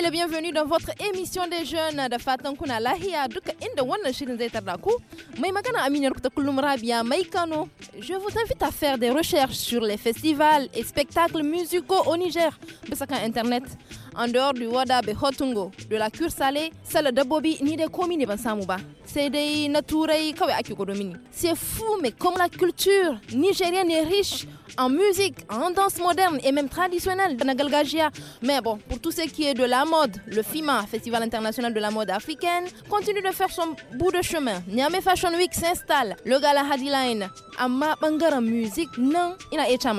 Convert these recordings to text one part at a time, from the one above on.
Et bienvenue dans votre émission des jeunes de fatan Lahia lahiya duka inda shirin zai mais magana je vous invite à faire des recherches sur les festivals et spectacles musicaux au Niger Besaka internet en dehors du wada be hotungo de la cure salée de dabobi ni des komi de ban samu ba c'est fou mais comme la culture nigérienne est riche en musique, en danse moderne et même traditionnelle, Galgagia Mais bon, pour tout ce qui est de la mode, le FIMA, Festival international de la mode africaine, continue de faire son bout de chemin. Niamey Fashion Week s'installe, le gala Hadiline. Amma musique, non, il a été à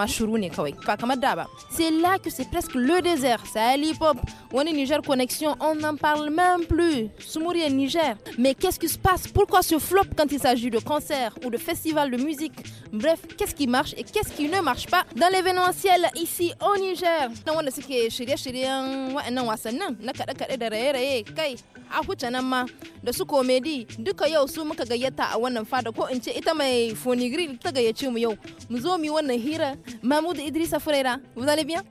C'est là que c'est presque le désert, ça a Europe, on est Niger Connexion, on n'en parle même plus. Soumouri est Niger. Mais qu'est-ce qui se passe Pourquoi ce flop quand il s'agit de concerts ou de festivals de musique Bref, qu'est-ce qui marche et qu'est-ce qui ne marche pas dans l'événementiel ici au Niger a huce nan ma da su komedi duka yau su muka gayyata a wannan fada ko in ce ita mai fonigril ta gayyace mu yau mu zo mu yi wannan hira mahmud idrisa furera vous allez bien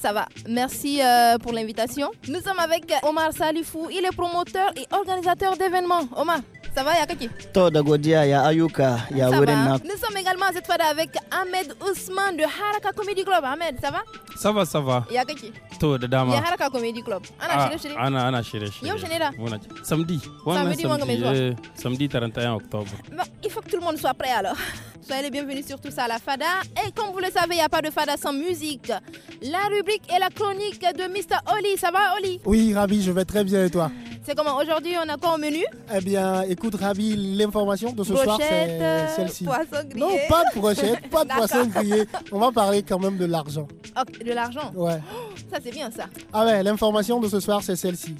ça va. Merci euh, pour l'invitation. Nous sommes avec Omar Salifou. Il est promoteur et organisateur d'événements. Omar, ça va, ya ya Ayuka, ya Nous sommes également à cette fada avec Ahmed Ousmane de Haraka Comedy Club. Ahmed, ça va? Ça va, ça va. Ya kake? To da dama. Ya Haraka Comedy Club. Ana ah, shirye chérie. Ana Anna, Anna, chérie. Et shine da? samedi. Samedi eh, samedi. Samedi 31 octobre. il faut que tout le monde soit prêt alors. Soyez les bienvenus sur tout ça à la Fada. Et comme vous le savez, il n'y a pas de Fada sans musique. La rubrique et la chronique de Mr. Oli. Ça va, Oli Oui, ravi, je vais très bien et toi C'est comment Aujourd'hui, on a quoi au menu Eh bien, écoute. Ravi, l'information de ce soir, c'est euh, celle-ci. Non, pas de brochette, pas de poisson grillé. On va parler quand même de l'argent. de l'argent Ouais. Oh, ça, c'est bien ça. Ah ouais, l'information de ce soir, c'est celle-ci.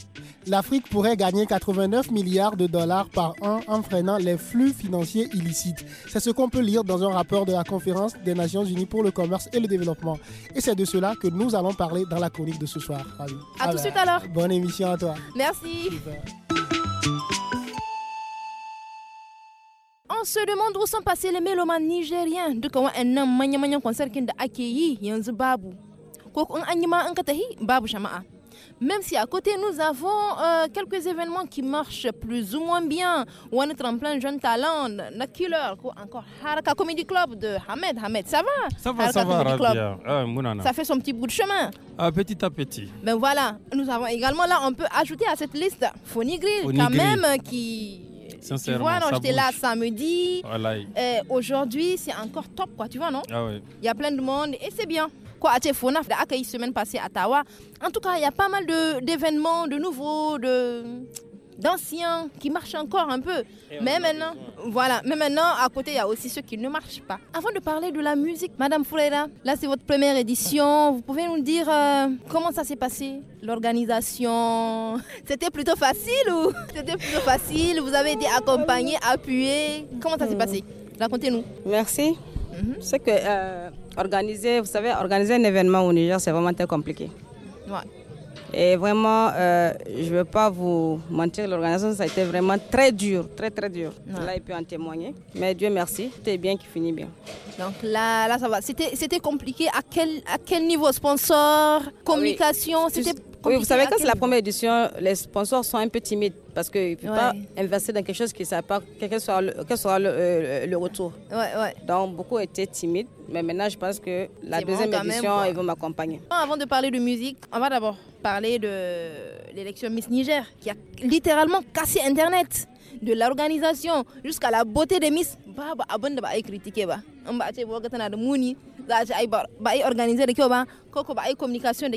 L'Afrique pourrait gagner 89 milliards de dollars par an en freinant les flux financiers illicites. C'est ce qu'on peut lire dans un rapport de la Conférence des Nations Unies pour le commerce et le développement. Et c'est de cela que nous allons parler dans la chronique de ce soir. À ah tout de suite alors. Bonne émission à toi. Merci. on se demande où sont passés les mélomanes nigériens. de quand manya concert qui a yanzu babu. Ko un ma Même si à côté nous avons euh, quelques événements qui marchent plus ou moins bien, ou on est en plein jeune talent, la killer, encore Haraka Comedy Club de Hamed. Hamed, ça va Ça va, ça va, ah, ça fait son petit bout de chemin. Ah, petit à petit. Ben voilà, nous avons également là, on peut ajouter à cette liste Phony Grill, quand même, qui tu vois, non, j'étais là samedi. Euh, aujourd'hui, c'est encore top, quoi, tu vois, non ah Il y a plein de monde et c'est bien. Quoi, à Fonaf, accueilli semaine passée à Tawa. En tout cas, il y a pas mal d'événements, de nouveaux, de d'anciens qui marchent encore un peu. Mais maintenant, voilà, mais maintenant, à côté, il y a aussi ceux qui ne marchent pas. Avant de parler de la musique, Madame Foureira, là, c'est votre première édition. Vous pouvez nous dire euh, comment ça s'est passé L'organisation C'était plutôt facile ou C'était plutôt facile Vous avez été accompagné, appuyé Comment ça s'est hmm. passé Racontez-nous. Merci. Mhm. C'est que euh, organiser, vous savez, organiser un événement au Niger, c'est vraiment très compliqué. Ouais. Et vraiment, euh, je ne veux pas vous mentir, l'organisation, ça a été vraiment très dur, très très dur. Là, il peut en témoigner. Mais Dieu merci, c'était bien qu'il finit bien. Donc là, là ça va. C'était compliqué. À quel, à quel niveau Sponsor Communication C'était oui, vous savez, quand c'est la première édition, les sponsors sont un peu timides parce qu'ils ne peuvent pas investir dans quelque chose qui ne savent pas quel sera le, euh, retour. Donc, beaucoup étaient timides, mais maintenant, je pense que la deuxième édition, ils vont m'accompagner. Avant de parler de musique, on va d'abord parler de l'élection Miss Niger qui a littéralement cassé Internet de l'organisation jusqu'à la beauté des Miss. Baba bah, ah, bah, bah. abin ba. organiser communication de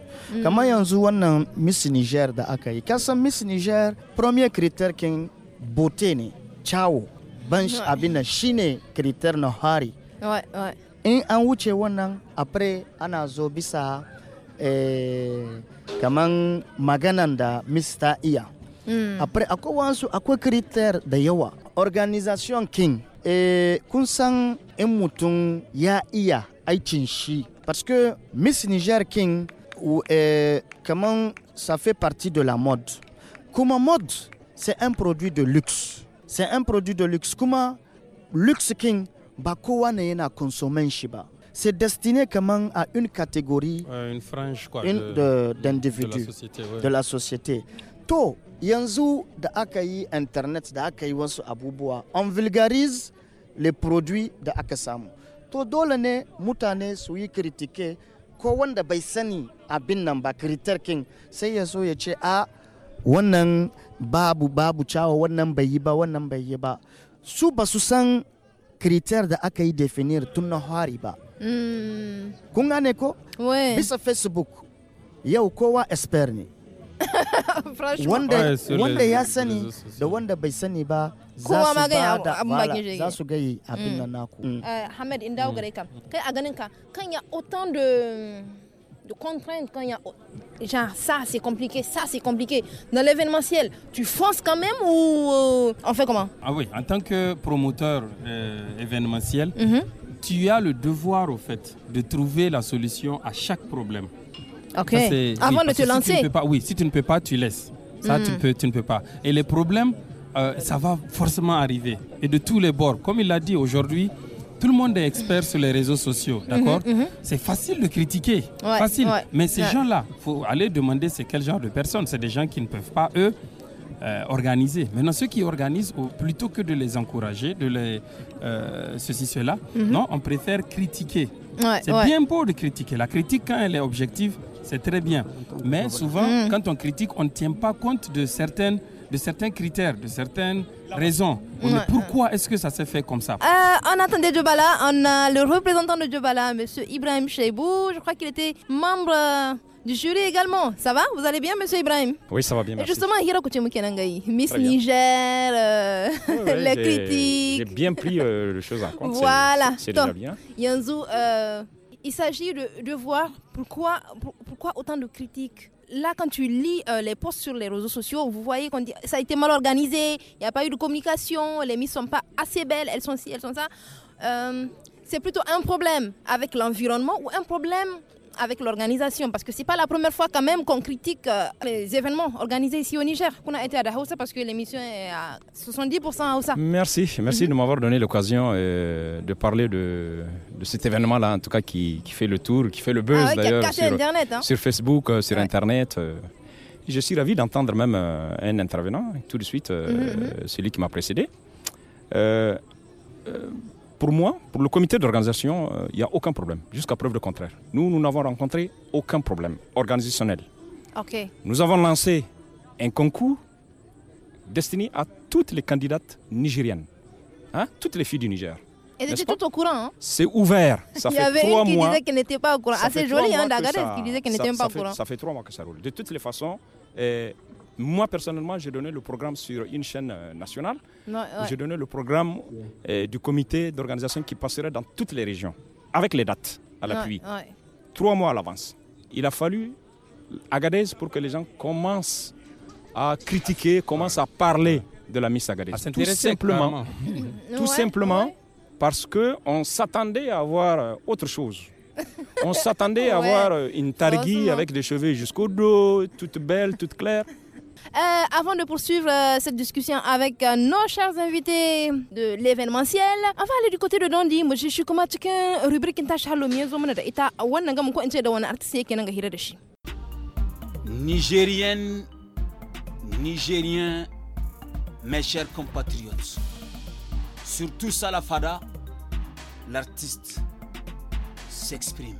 kamar yanzu wannan miss niger da aka yi kasan miss niger premier critter kin bote ne cawo ban abin nan shine critter na hari in an wuce wannan apre ana zo bisa eh, kamar maganan da ta iya hmm. apre akwai wasu akwai critter da yawa organization king eh, kun san in mutum ya iya aikin shi parce que miss niger king ou, euh, comment ça fait partie de la mode. Kuma mode, c'est un produit de luxe. C'est un produit de luxe. Kuma luxe king, bakowa ne consommé C'est destiné comment à une catégorie, euh, une frange de, d'individus de, la société. De la société. To, yanzu da internet da aka yi on vulgarise les produits da aka samu. To dole ne mutane su ko wanda bai sani abin nan ba king sai ya so ya ce a wannan babu babu cawa wannan bai yi ba wannan bai yi ba su ba su san kiritar da aka yi definir tun na hari ba mm. kun gane ko bisa facebook yau kowa expert ne wanda ya sani da wanda bai sani ba Quand il y a autant de contraintes quand il y a genre ça c'est compliqué, ça c'est compliqué. Dans l'événementiel, tu forces quand même ou en euh, on fait comment Ah oui, en tant que promoteur euh, événementiel, mhm. tu as le devoir au fait de trouver la solution à chaque problème. Ok. Avant de te lancer. tu peux pas, oui, si tu ne peux pas, tu laisses. Ça, tu, mm. peux, tu ne peux pas. Et les problèmes, euh, ça va forcément arriver. Et de tous les bords, comme il l'a dit aujourd'hui, tout le monde est expert sur les réseaux sociaux, mhm, d'accord mhm. C'est facile de critiquer, facile. Mais ces gens-là, faut aller demander c'est quel genre de personnes. C'est des gens qui ne peuvent pas, eux, euh, organiser. Maintenant, ceux qui organisent, plutôt que de les encourager, de les euh, ceci, cela, mhm. non, on préfère critiquer. c'est bien beau de critiquer. La critique, quand elle est objective, c'est très bien. Mais souvent, quand on critique, on ne tient pas compte de certaines de certains critères, de certaines raisons. pourquoi est-ce que ça s'est fait comme ça On euh, attendait Djobala, on a le représentant de Djobala, M. Ibrahim Cheibou, je crois qu'il était membre euh, du jury également. Ça va Vous allez bien, monsieur Ibrahim Oui, ça va bien. Merci. Justement, Hirokuchi Miss Niger, euh, les critiques. J'ai bien pris les choses en compte. Voilà. C'est déjà bien. Yanzu, il s'agit de, voir pourquoi, pourquoi autant de critiques là, quand tu lis euh, les posts sur les réseaux sociaux, vous voyez qu'on dit ça a été mal organisé, il n'y a pas eu de communication, les mises ne sont pas assez belles, elles sont ci, elles sont ça. Euh, c'est plutôt un problème avec l'environnement ou un problème avec l'organisation parce que c'est pas la première fois quand même qu'on critique euh, les événements organisés ici au Niger qu'on a été à Daoussa parce que l'émission est à 70% à Daoussa. Merci, merci de m'avoir donné l'occasion euh, de parler de, cet événement-là en tout cas qui, fait le tour, qui fait le buzz ah d'ailleurs hein. sur, Facebook, euh, sur Internet. je suis ravi d'entendre même un intervenant, tout de suite, mm-hmm. celui qui m'a précédé pour moi, pour le comité d'organisation, il euh, n'y a aucun problème, jusqu'à preuve de contraire. Nous, nous n'avons rencontré aucun problème organisationnel. Nous avons lancé un concours destiné à toutes les candidates nigériennes, hein? toutes les filles du Niger. Elles étaient toutes au courant. Hein? C'est ouvert. Ça il y avait une qui disait qu'elle n'était pas au courant. Assez ah, joli, hein, Dagadez qui disait qu'elle n'était pas au courant. Ça fait trois mois que ça roule. De toutes les façons, eh, moi, personnellement, j'ai donné le programme sur une chaîne euh, nationale. J'ai donné le programme euh, du comité d'organisation qui passerait dans toutes les régions, avec les dates à l'appui. Trois mois à l'avance. Il a fallu Agadez pour que les gens commencent à critiquer, commencent à parler de la Miss Agadez. tout simplement, tout simplement parce qu'on s'attendait à avoir autre chose. On s'attendait à avoir euh, une targuille avec des cheveux jusqu'au dos, toute belle, toute claire. Euh, avant de poursuivre euh, cette discussion avec euh, nos chers invités de l'événementiel, on va aller du côté de Dondi. je suis comme un rubrique artiste Nigérien, mes chers compatriotes, surtout Salafada, l'artiste s'exprime.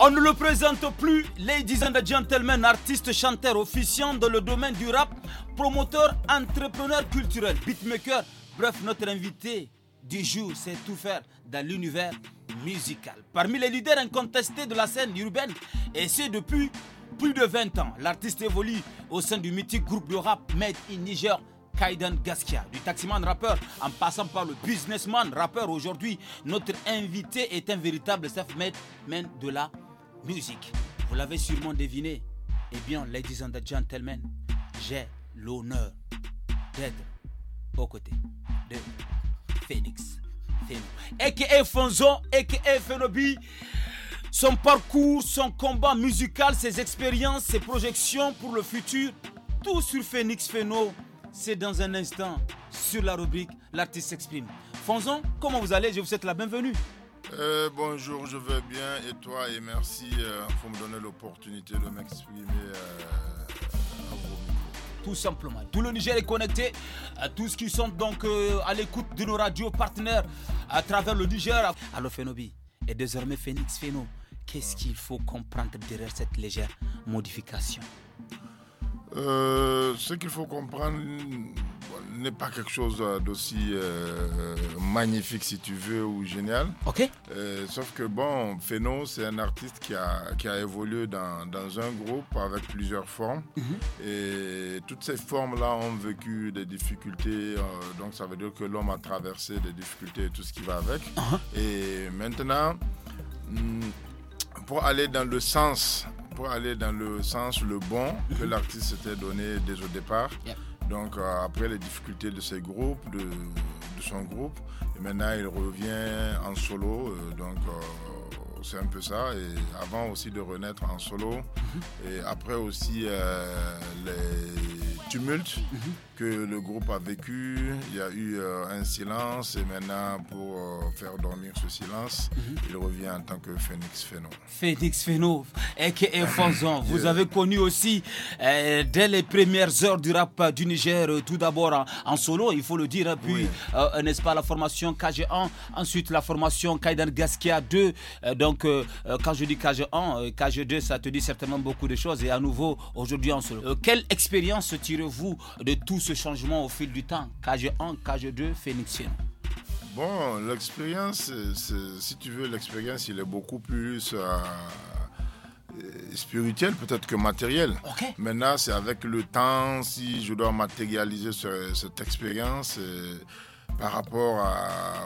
On ne le présente plus, ladies and gentlemen, artiste, chanteur, officiant dans le domaine du rap, promoteur, entrepreneur culturel, beatmaker. Bref, notre invité du jour sait tout faire dans l'univers musical. Parmi les leaders incontestés de la scène urbaine, et c'est depuis plus de 20 ans, l'artiste évolue au sein du mythique groupe de rap Made in Niger, Kaiden Gaskia, du taximan rappeur en passant par le businessman rappeur aujourd'hui, notre invité est un véritable self-made man de la Musique, vous l'avez sûrement deviné. Eh bien, ladies and gentlemen, j'ai l'honneur d'être aux côtés de Phoenix. A.K.A. Fonzon, A.K.A. Fenobi. Son parcours, son combat musical, ses expériences, ses projections pour le futur, tout sur Phoenix Pheno, c'est dans un instant sur la rubrique L'artiste s'exprime. Fonzon, comment vous allez Je vous souhaite la bienvenue. Euh, bonjour, je vais bien et toi et merci euh, pour me donner l'opportunité de m'exprimer euh, à vos Tout simplement. Tout le Niger est connecté à tous qui sont donc à l'écoute de nos radios partenaires à travers le Niger. Allo Fenobi et désormais Phoenix Feno. qu'est-ce ah. qu'il faut comprendre derrière cette légère modification Ce qu'il faut comprendre n'est pas quelque chose euh, d'aussi euh, euh, magnifique, si tu veux, ou génial. Ok. sauf que, bon, Phéno, c'est un artiste qui a, évolué dans, un groupe avec plusieurs formes. Mhm. Et toutes ces formes-là ont vécu des difficultés. donc, ça veut dire que l'homme a traversé des difficultés et tout ce qui va avec. Ah ah. Et maintenant, hmm, pour aller dans le sens pour aller dans le sens le bon que mhm. l'artiste s'était donné dès au départ. Donc euh, après les difficultés de ses groupes, de, son groupe, et maintenant il revient en solo. Euh, donc euh, c'est un peu ça. Et avant aussi de renaître en solo, mhm. et après aussi les tumulte mhm. que le groupe a vécu. Il y a eu euh, un silence et maintenant, pour euh, faire dormir ce silence, mhm. il revient en tant que Phoenix Feno. Phoenix Feno, a.k.a. Fonzon. Vous avez connu aussi, euh, dès les premières heures du rap du Niger, tout d'abord en, solo, il faut le dire, puis, n'est-ce pas, la formation KG1, ensuite la formation Kaidan Gaskia 2. donc, quand je dis KG1, KG2, ça te dit certainement beaucoup de choses et à nouveau, aujourd'hui en solo. quelle expérience tu vous de tout ce changement au fil du temps Cage 1, Cage 2, phénixienne Bon, l'expérience, si tu veux, l'expérience, il est beaucoup plus euh, spirituel peut-être que matériel. Maintenant, c'est avec le temps, si je dois matérialiser cette expérience, par rapport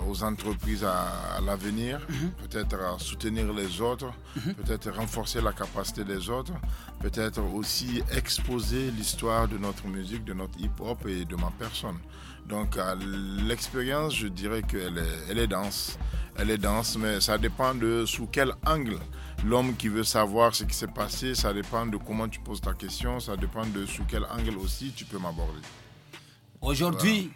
aux entreprises à, l'avenir, mhm. peut-être à soutenir les autres, mhm. peut-être renforcer la capacité des autres, peut-être aussi exposer l'histoire de notre musique, de notre hip-hop et de ma personne. Donc l'expérience, je dirais qu'elle est, elle est dense. Elle est dense, mais ça dépend de sous quel angle. L'homme qui veut savoir ce qui s'est passé, ça dépend de comment tu poses ta question, ça dépend de sous quel angle aussi tu peux m'aborder. Aujourd'hui,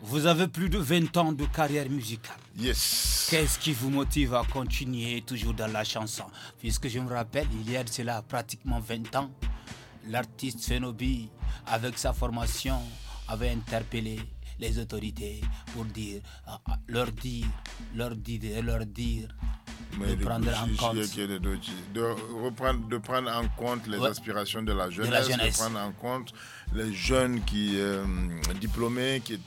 vous avez plus de 20 ans de carrière musicale. Yes. Qu'est-ce qui vous motive à continuer toujours dans la chanson Puisque je me rappelle, il y a cela pratiquement 20 ans, l'artiste Fenobi, avec sa formation, avait interpellé les autorités pour dire, ah, ah, leur dire, leur dire, leur dire de prendre en compte. De, reprendre, de prendre en compte les aspirations de, la jeunesse. de prendre en compte les jeunes qui euh, diplômés qui,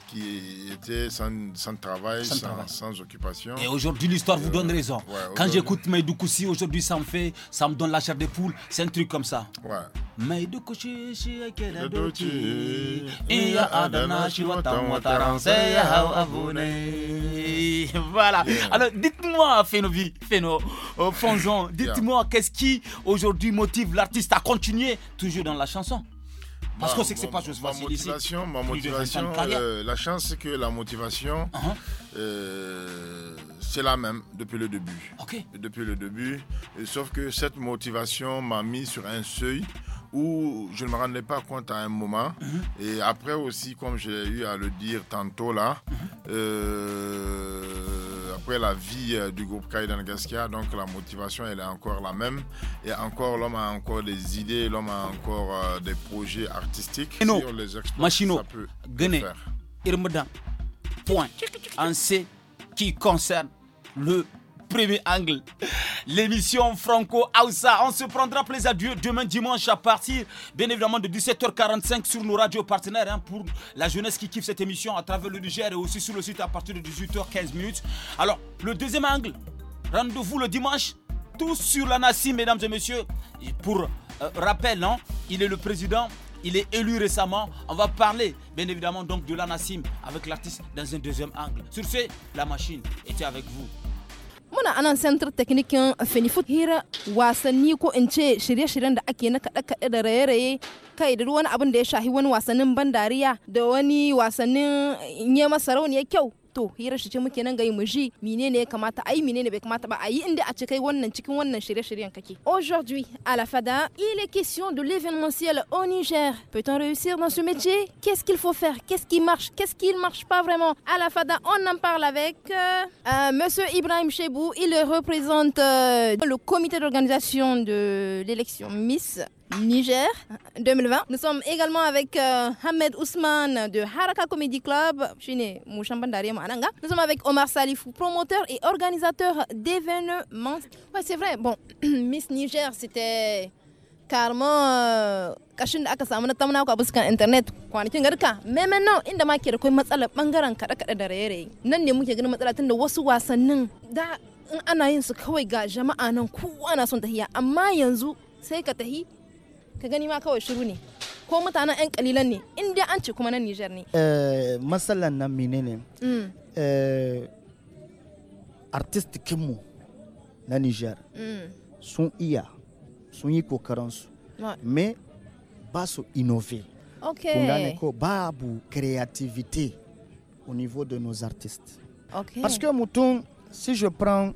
étaient sans, travail, sans, occupation. Et aujourd'hui, l'histoire vous donne euh, raison. Quand j'écoute Maïdoukoussi, aujourd'hui, ça me fait, ça me donne la chair de poule. C'est un truc comme ça. Ouais. Voilà. Alors, dites-moi, Fénovi, Féno, euh, Fonzon, dites-moi, qu'est-ce qui aujourd'hui motive l'artiste à continuer toujours dans la chanson? Parce ah, qu'on sait que c'est pas chose facile. Ma motivation, ma motivation euh, la chance, c'est que la motivation, uh-huh. euh, c'est la même depuis le début. Depuis le début. sauf que cette motivation m'a mis sur un seuil où je ne me rendais pas compte à un moment. Mhm. Et après aussi, comme j'ai eu à le dire tantôt là, mhm. euh, après la vie euh, du groupe Kaidan Gaskia, donc la motivation, elle est encore la même. Et encore, l'homme a encore des idées, l'homme a encore euh, des projets artistiques. Et non, si on les exploite, ça peut point, en ce qui concerne le premier angle. L'émission Franco Aoussa. On se prendra plaisir demain dimanche à partir, bien évidemment, de 17h45 sur nos radios partenaires hein, pour la jeunesse qui kiffe cette émission à travers le Niger et aussi sur le site à partir de 18h15 Alors, le deuxième angle, rendez-vous le dimanche, tout sur la mesdames et messieurs. Et pour euh, rappel, hein, il est le président il est élu récemment. On va parler, bien évidemment, donc de l'Anassim avec l'artiste dans un deuxième angle. Sur ce, la machine était avec vous. muna anan center teknikin finifut hira wasanni ko in ce shirye-shiryen da ake na kaɗe-kaɗe da raye-raye kai da wani abin da ya shahi wani wasannin bandariya da wani wasannin nye sarauniya kyau aujourd'hui à la fada il est question de l'événementiel au Niger peut-on réussir dans ce métier qu'est-ce qu'il faut faire qu'est-ce qui marche qu'est-ce qui ne marche pas vraiment à la fada on en parle avec euh, euh, monsieur Ibrahim Chebou il représente euh, le comité d'organisation de l'élection Miss Niger 2020. Nous sommes également avec euh, Hamed Ousmane de Haraka Comedy Club. Nous sommes avec Omar Salifou, promoteur et organisateur d'événements. Ouais, c'est vrai. Bon, Miss Niger, c'était carrément euh, Kachin da aka samu na tamna ku a fuskan internet kwanakin garka me maintenant inda ma ke da kai matsalar bangaren kada kada da raye-raye nan ne muke ganin matsala tunda wasu wasannin da in ana yin su kawai ga jama'a nan kowa na son tahiya amma yanzu sai ka tahi ka gani ma kawai shiru ne ko mutanen 'yan kalilan ne in dai an ce kuma eh, mm. eh, na Nijar ne. Matsalan nan menene? Artistikinmu na Nijar sun iya sun yi kokaransu. Me ba su innover. Okay. Kun gane ko babu creativité au niveau de nos artistes. Okay. Parce que Mouton, si je prends,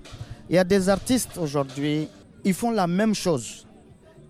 il y a des artistes aujourd'hui, ils font la même chose.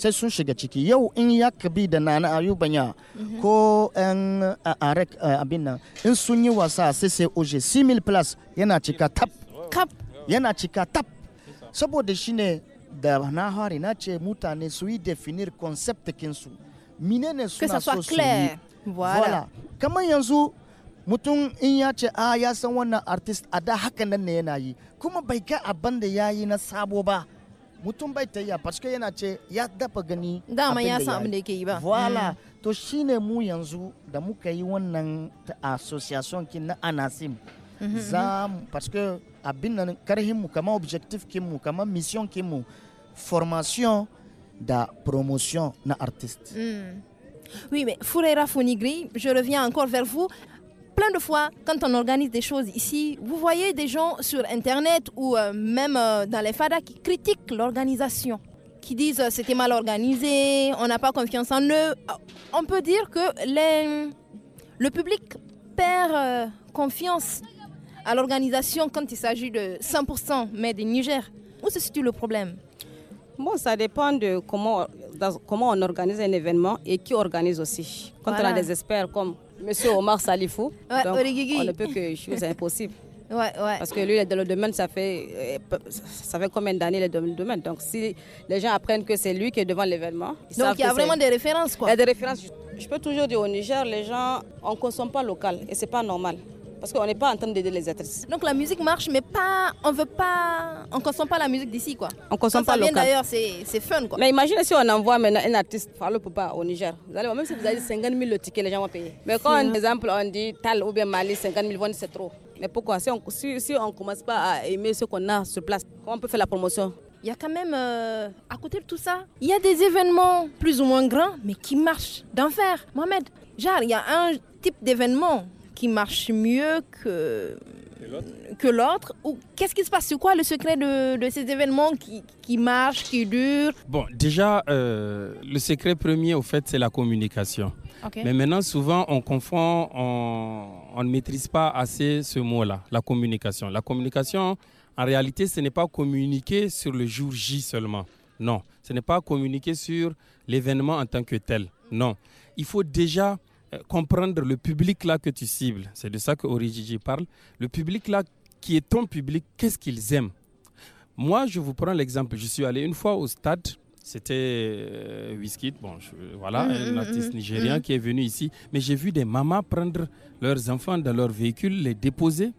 sai sun shiga ciki yau in ya kabi da nana ayubanya mhm. ko yan arek abin nan in sun yi wasa sai sai oje simil plus yana cika tap yana cika tap saboda ne da na hari na ce mutane su yi definir concept kinsu menene suna so su yi voilà kamar yanzu mutum in ya ce a ah, ya san wannan artist a da haka nan ne yana yi kuma bai ga abin da ya yi na sabo ba mutum bai ta iya parce yana ce ya dafa gani dama ya san abin da yake yi ba voila mm. to shine mu yanzu da muka yi wannan association kin na anasim mhm, mhm. za parce que abin nan karhin mu kama objective kin mu kama mission kin mu formation da promotion na artiste mm. Oui, mais Fourera Fonigri, je reviens encore vers vous plein de fois, quand on organise des choses ici, vous voyez des gens sur Internet ou euh, même euh, dans les fada qui critiquent l'organisation, qui disent que euh, c'était mal organisé, on n'a pas confiance en eux. On peut dire que les, le public perd confiance à l'organisation quand il s'agit de 100% mais du Niger. Où se situe le problème Bon, ça dépend de comment, comment on organise un événement et qui organise aussi. Quand on a des experts comme Monsieur Omar Salifou. on ne peut que chose impossible. Ouais, ouais. Parce que lui, dans le domaine, ça fait, euh, ça fait combien d'années le domaine Donc, si les gens apprennent que c'est lui qui est devant l'événement, donc il y a vraiment des références, quoi. Il y a des références. Je peux toujours dire au Niger, les gens, on ne consomme pas local et ce n'est pas normal parce qu'on n'est pas en train d'aider les actrices. Donc la musique marche, mais pas, on veut pas, on consomme pas la musique d'ici quoi. On consomme pas local. D'ailleurs, c'est fun quoi. Mais imaginez si on envoie maintenant un artiste par le pas au Niger. Vous allez voir, même si vous avez 50 000 le ticket, les gens vont payer. Mais quand, par exemple, on dit Tal ou bien Mali, 50 000 vont, c'est trop. Mais pourquoi si on ne commence pas à aimer ce qu'on a sur place, comment on peut faire la promotion il y a quand même, euh, à côté de tout ça, il y a des événements plus ou moins grands, mais qui marchent d'enfer. Mohamed, genre, il y a un type d'événement qui marche mieux que, que l'autre Ou qu'est-ce qui se passe C'est quoi le secret de, de ces événements qui, qui, marchent, qui durent Bon, déjà, euh, le secret premier, au fait, c'est la communication. Mais maintenant, souvent, on confond, on, on ne maîtrise pas assez ce mot-là, la communication. La communication, en réalité, ce n'est pas communiquer sur le jour J seulement. Non, ce n'est pas communiquer sur l'événement en tant que tel. Non, il faut déjà euh, comprendre le public là que tu cibles. C'est de ça que Origigi parle. Le public là qui est ton public, qu'est-ce qu'ils aiment Moi, je vous prends l'exemple. Je suis allé une fois au stade. C'était euh, Whisky, bon, voilà, mm, un mm, artiste mm, nigérien qui est venu ici. Mais j'ai vu des mamans prendre leurs enfants dans leur véhicule, les déposer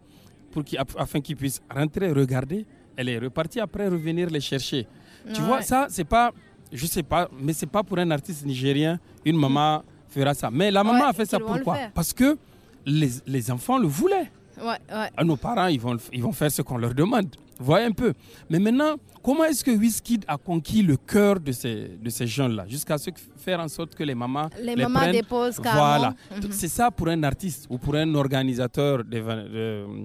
pour afin qu'ils puissent rentrer, regarder. Elle est repartie après revenir les chercher. Tu vois, ça, c'est pas, je sais pas, mais c'est pas pour un artiste nigérien, une maman fera ça. Mais la maman a fait ça pourquoi Parce que les, les, enfants le voulaient. Ouais, ouais. Nos parents, ils vont, ils vont faire ce qu'on leur demande. Voyez un peu. Mais maintenant, comment est-ce que Wizkid a conquis le cœur de ces, de ces jeunes-là Jusqu'à ce faire en sorte que les mamans. Les, les mamans prennent. déposent Voilà. Mhm. C'est ça pour un artiste ou pour un organisateur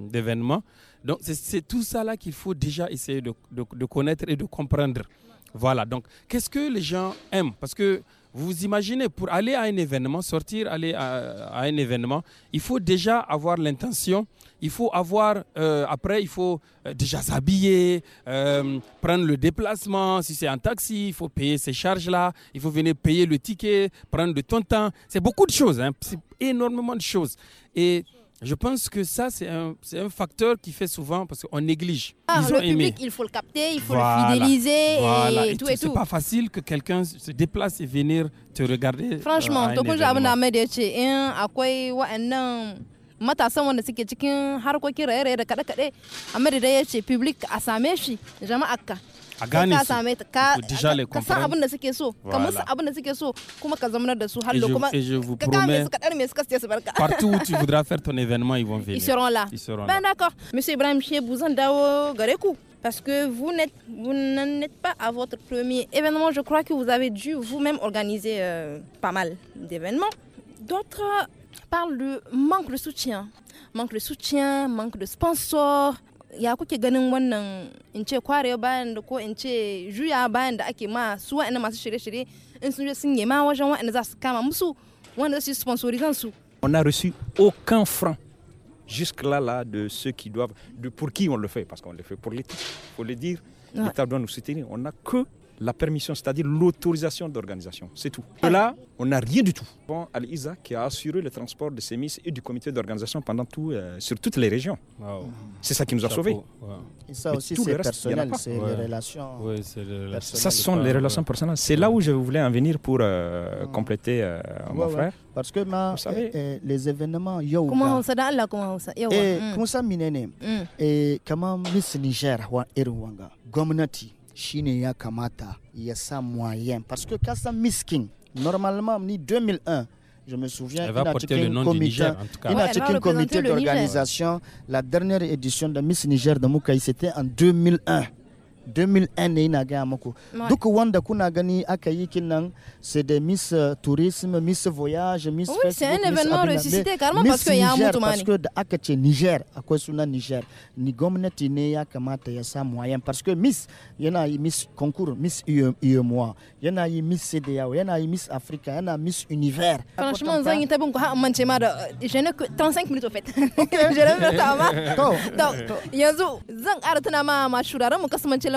d'événements. Donc, c'est tout ça là qu'il faut déjà essayer de, de, de, connaître et de comprendre. Voilà. Donc, qu'est-ce que les gens aiment Parce que vous imaginez, pour aller à un événement, sortir, aller à, un événement, il faut déjà avoir l'intention, il faut avoir, euh, après, il faut euh, déjà s'habiller, euh, prendre le déplacement, si c'est un taxi, il faut payer ces charges-là, il faut venir payer le ticket, prendre de ton temps. C'est beaucoup de choses, hein, c'est énormément de choses. Et je pense que ça, c'est un, un, facteur qui fait souvent parce qu'on néglige. Ah, le public, il faut le capter, il faut le fidéliser et, tout et tout. C'est pas facile que quelqu'un se déplace et venir te regarder. Euh, Franchement, to un hein, public a gane ka déjà les so ka musu abin da so kuma ka zama da su hallo kuma ka ga me suka me suka ce su barka partout où tu voudras faire ton événement ils vont venir ils seront là ils seront ben d'accord monsieur Ibrahim vous en dawo gare ku parce que vous n'êtes vous pas à votre premier événement. Je crois que vous avez dû vous-même organiser euh, pas mal d'événements. D'autres parlent de manque de soutien, manque de soutien, manque de sponsors ya kuke ganin wannan in ce kwarewa bayan da ko in ce juya bayan da ake ma su wa'anda masu shirye-shirye in sun je sun ma wajen wa'anda za su kama musu wanda za su yi sponsorizan su. On a reçu aucun franc jusque-là là, de ceux qui doivent, de pour qui on le fait, parce qu'on le fait pour l'État, faut le dire. L'État doit nous soutenir. On a que la permission, c'est-à-dire l'autorisation d'organisation. C'est tout. là, on n'a rien du tout. Bon, al qui a assuré le transport de ces et du comité d'organisation pendant tout, euh, sur toutes les régions. C'est ça qui nous a sauvés. Et ça aussi, c'est personnel, c'est les relations. ça, ce sont les relations personnelles. C'est là où je voulais en venir pour euh, compléter euh, mon frère. Parce que les événements, comment on s'est là, comment on s'est comment ça, minene, mm. et comment Miss Niger, Erwanga, Gomnati. Yakamata, il kamata a sa moyen parce que kasa miskin normalement ni 2001 je me souviens, Il a porter le nom comité, du Niger, en tout cas. comité d'organisation. La dernière édition de Miss Niger de Moukaï, c'était en 2001. 2001 ne ina gaya muku duk wanda kuna gani aka yi nan c'est des miss euh, tourisme miss voyage miss oui, c'est un événement ressuscité carrément parce que ya mutu mani parce que da aka ce Niger akwai suna Niger ni gwamnati ne ya kamata ya sa moyen parce que miss yana yi miss concours miss e, e moi yana yi miss CDAO yana yi miss Africa yana miss univers franchement zan yi tabin ku har ce ma da je ne 35 minutes au fait je ne veux pas hein. donc yanzu zan ara tana ma ma shuraren mu kasance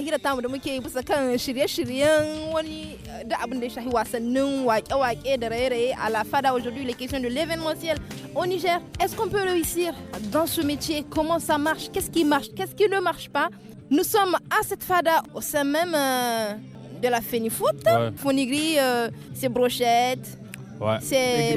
wannan hira muke yi bisa kan shirye-shiryen wani eh, da abin da ya shahi wasannin da à la FADA aujourd'hui les questions de l'événementiel au Niger. Est-ce qu'on peut réussir dans ce métier Comment ça marche Qu'est-ce qui marche Qu'est-ce qui ne marche pas Nous sommes à cette FADA au sein même euh, de la Fenifoot. foot, Fonigri, euh, ses brochettes, c'est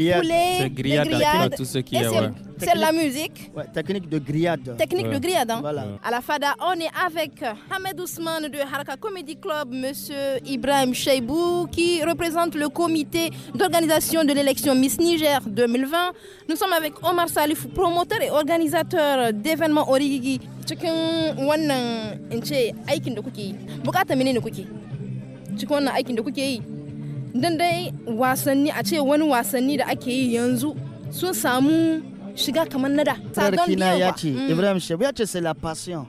C'est la musique. technique de grillade. Technique de grillade. Hein. À la FADA, on est avec Ahmed Ousmane de Haraka Comedy Club, monsieur Ibrahim Cheibou, qui représente le comité d'organisation de l'élection Miss Niger 2020. Nous sommes avec Omar Salif, promoteur et organisateur d'événements origi don dai wasanni a ce wani wasanni da ake yi yanzu sun samu shiga kamar nada. da sarkina ya ce mm. ibrahim shebu ya ce c'est la passion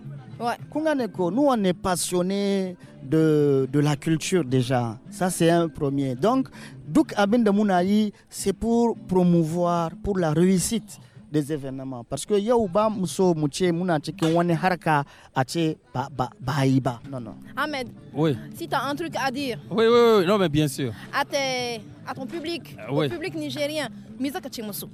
kun gane ko nous on est passionné de, de la culture déjà ça c'est un premier donc duk abin da muna yi c'est pour promouvoir pour la réussite des événements parce que y'a ba mu mousso mu ce muna cikin wani harka a ce ba ba ba yi ba non non Ahmed oui si tu as un truc à dire oui oui oui non mais bien sûr à tes à ton public public nigérien mise ka ce en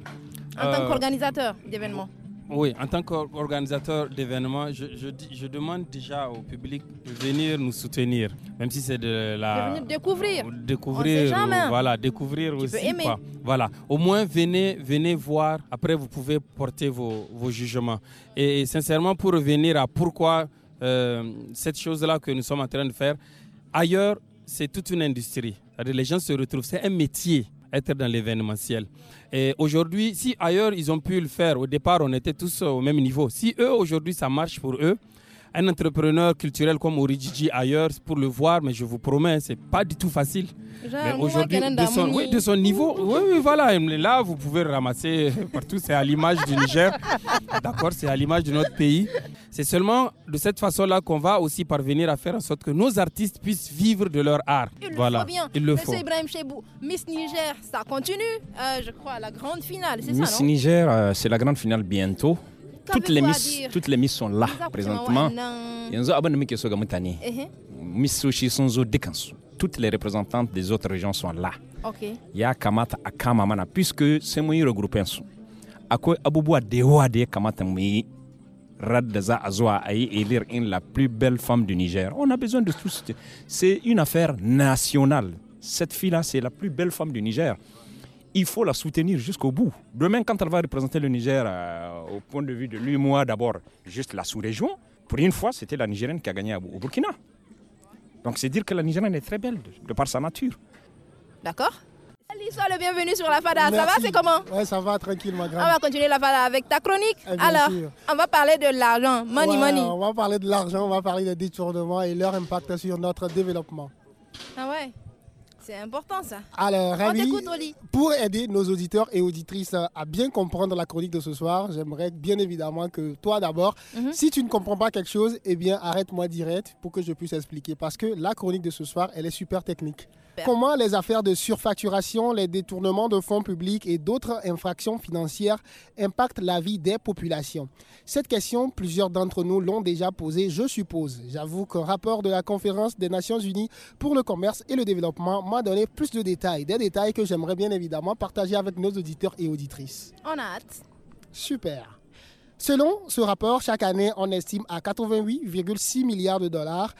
euh, tant qu'organisateur d'événements oui, en tant qu'organisateur d'événements, je, je, je, demande déjà au public de venir nous soutenir, même si c'est de la... De découvrir. Découvrir, voilà, découvrir aussi. Aimer. Voilà, au moins venez, venez voir, après vous pouvez porter vos, vos jugements. Et, sincèrement, pour revenir à pourquoi euh, cette chose-là que nous sommes en train de faire, ailleurs, c'est toute une industrie. les gens se retrouvent, c'est un métier être dans l'événementiel. Et aujourd'hui, si ailleurs ils ont pu le faire, au départ on était tous au même niveau. Si eux aujourd'hui ça marche pour eux, un entrepreneur culturel comme Origigi ailleurs pour le voir, mais je vous promets, c'est pas du tout facile. Mais aujourd'hui, de son, niveau, oui, oui, voilà. Là, vous pouvez ramasser partout. C'est à l'image du Niger. D'accord C'est à l'image de notre pays. C'est seulement de cette façon-là qu'on va aussi parvenir à faire en sorte que nos artistes puissent vivre de leur art. Il voilà. le faut Il le Monsieur Ibrahim Chebou, Miss Niger, ça continue, euh, je crois, la grande finale, c'est ça, Miss Niger, euh, c'est la grande finale bientôt toutes les miss toutes les miss sont là présentement yanzu abin da muke so ga mutane uh-huh. missoshi sun zo dukansu toutes les représentantes des autres régions sont là ya kamata a kama mana puisque c'est mun yi regroupin su akwai abubuwa da yawa kamata mu yi radda za a zuwa a yi élire in la plus belle femme du Niger on a besoin de tout c'est une affaire nationale cette fille là c'est la plus belle femme du Niger il faut la soutenir jusqu'au bout. Demain, quand elle va représenter le Niger euh, au point de vue de moi d'abord, juste la sous-région, pour une fois, c'était la Nigérienne qui a gagné au Burkina. Donc c'est dire que la Nigérienne est très belle de, par sa nature. D'accord Lisa, le bienvenu sur la FADA. Ça va, c'est comment Ouais, ça va, tranquille, ma grande. On va continuer la FADA avec ta chronique. Eh, Alors, on va parler de l'argent, money, money. On va parler de l'argent, on va parler des détournements et leur impact sur notre développement. Ah ouais c'est important ça. Alors, pour aider nos auditeurs et auditrices à bien comprendre la chronique de ce soir, j'aimerais bien évidemment que toi d'abord, mhm. si tu ne comprends pas quelque chose, eh bien arrête-moi direct pour que je puisse expliquer. Parce que la chronique de ce soir, elle est super technique. Comment les affaires de surfacturation, les détournements de fonds publics et d'autres infractions financières impactent la vie des populations Cette question, plusieurs d'entre nous l'ont déjà posée, je suppose. J'avoue qu'un rapport de la Conférence des Nations Unies pour le commerce et le développement m'a donné plus de détails, des détails que j'aimerais bien évidemment partager avec nos auditeurs et auditrices. On a hâte. Super. Selon ce rapport, chaque année, on estime à 88,6 milliards de dollars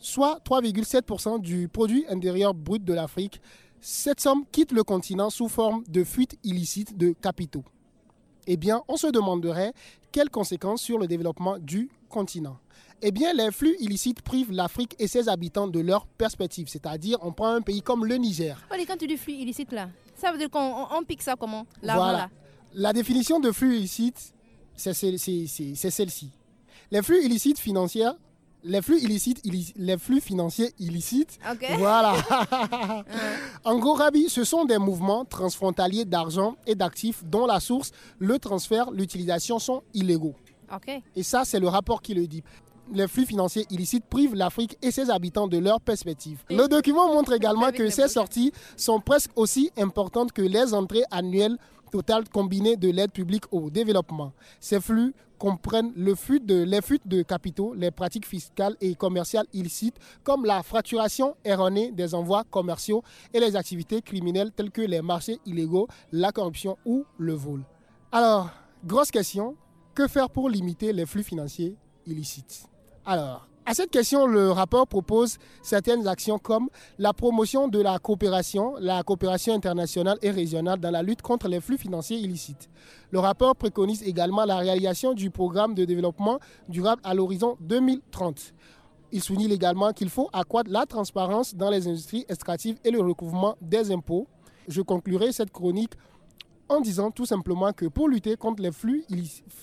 soit 3,7% du produit intérieur brut de l'Afrique. Cette somme quitte le continent sous forme de fuite illicite de capitaux. Eh bien, on se demanderait quelles conséquences sur le développement du continent. Eh bien, les flux illicites privent l'Afrique et ses habitants de leur perspective. C'est-à-dire, on prend un pays comme le Niger. Oh, quand tu dis flux illicite là, ça veut dire qu'on pique ça comment voilà. La définition de flux illicite, c'est celle-ci. Les flux illicites financiers les flux illicites, les flux financiers illicites. Voilà. en gros, Rabi, ce sont des mouvements transfrontaliers d'argent et d'actifs dont la source, le transfert, l'utilisation sont illégaux. Okay. Et ça, c'est le rapport qui le dit. Les flux financiers illicites privent l'Afrique et ses habitants de leur perspective. Le document montre également que ces sorties sont presque aussi importantes que les entrées annuelles total combiné de l'aide publique au développement. Ces flux comprennent le de, les fuites de capitaux, les pratiques fiscales et commerciales illicites, comme la fracturation erronée des envois commerciaux et les activités criminelles telles que les marchés illégaux, la corruption ou le vol. Alors, grosse question, que faire pour limiter les flux financiers illicites Alors, à cette question, le rapport propose certaines actions comme la promotion de la coopération, la coopération internationale et régionale dans la lutte contre les flux financiers illicites. Le rapport préconise également la réalisation du programme de développement durable à l'horizon 2030. Il souligne également qu'il faut accroître la transparence dans les industries extractives et le recouvrement des impôts. Je conclurai cette chronique en disant tout simplement que pour lutter contre les flux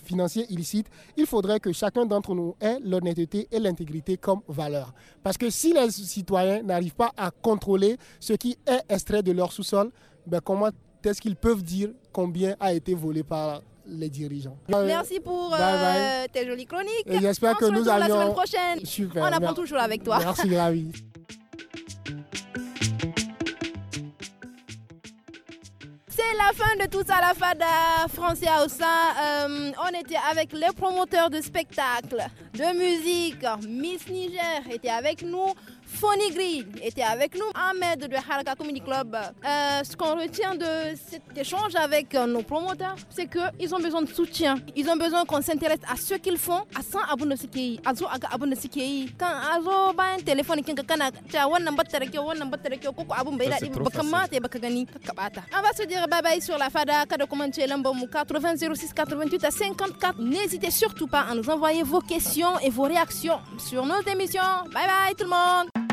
financiers illicites, il faudrait que chacun d'entre nous ait l'honnêteté et l'intégrité comme valeur. Parce que si les citoyens n'arrivent pas à contrôler ce qui est extrait de leur sous-sol, ben comment est-ce qu'ils peuvent dire combien a été volé par les dirigeants. Euh, merci pour euh, tes jolies chroniques. J'espère que nous allons la semaine prochaine. Super, on apprend toujours avec toi. Merci Ravi. c'est la fin de tout ça, la fada français au euh, on était avec les promoteurs de spectacles, de musique. Miss Niger était avec nous. Fonny Green était avec nous, Ahmed de Haraka Community Club. Euh, ce qu'on retient de cet échange avec euh, nos promoteurs, c'est qu'ils ont besoin de soutien. Ils ont besoin qu'on s'intéresse à ce qu'ils font, à 100 abonnés suke a Azo aga abonnés abun da Quand yi kan a un bayan telefon kinka kana cewa wannan batta da wannan batta da koko abun bai daɗi ba kabata. On va se dire bye bye sur la fada kada kuma ce 80 06 88 à 54. N'hésitez surtout pas à nous envoyer vos questions et vos réactions sur nos émissions. Bye bye tout le monde.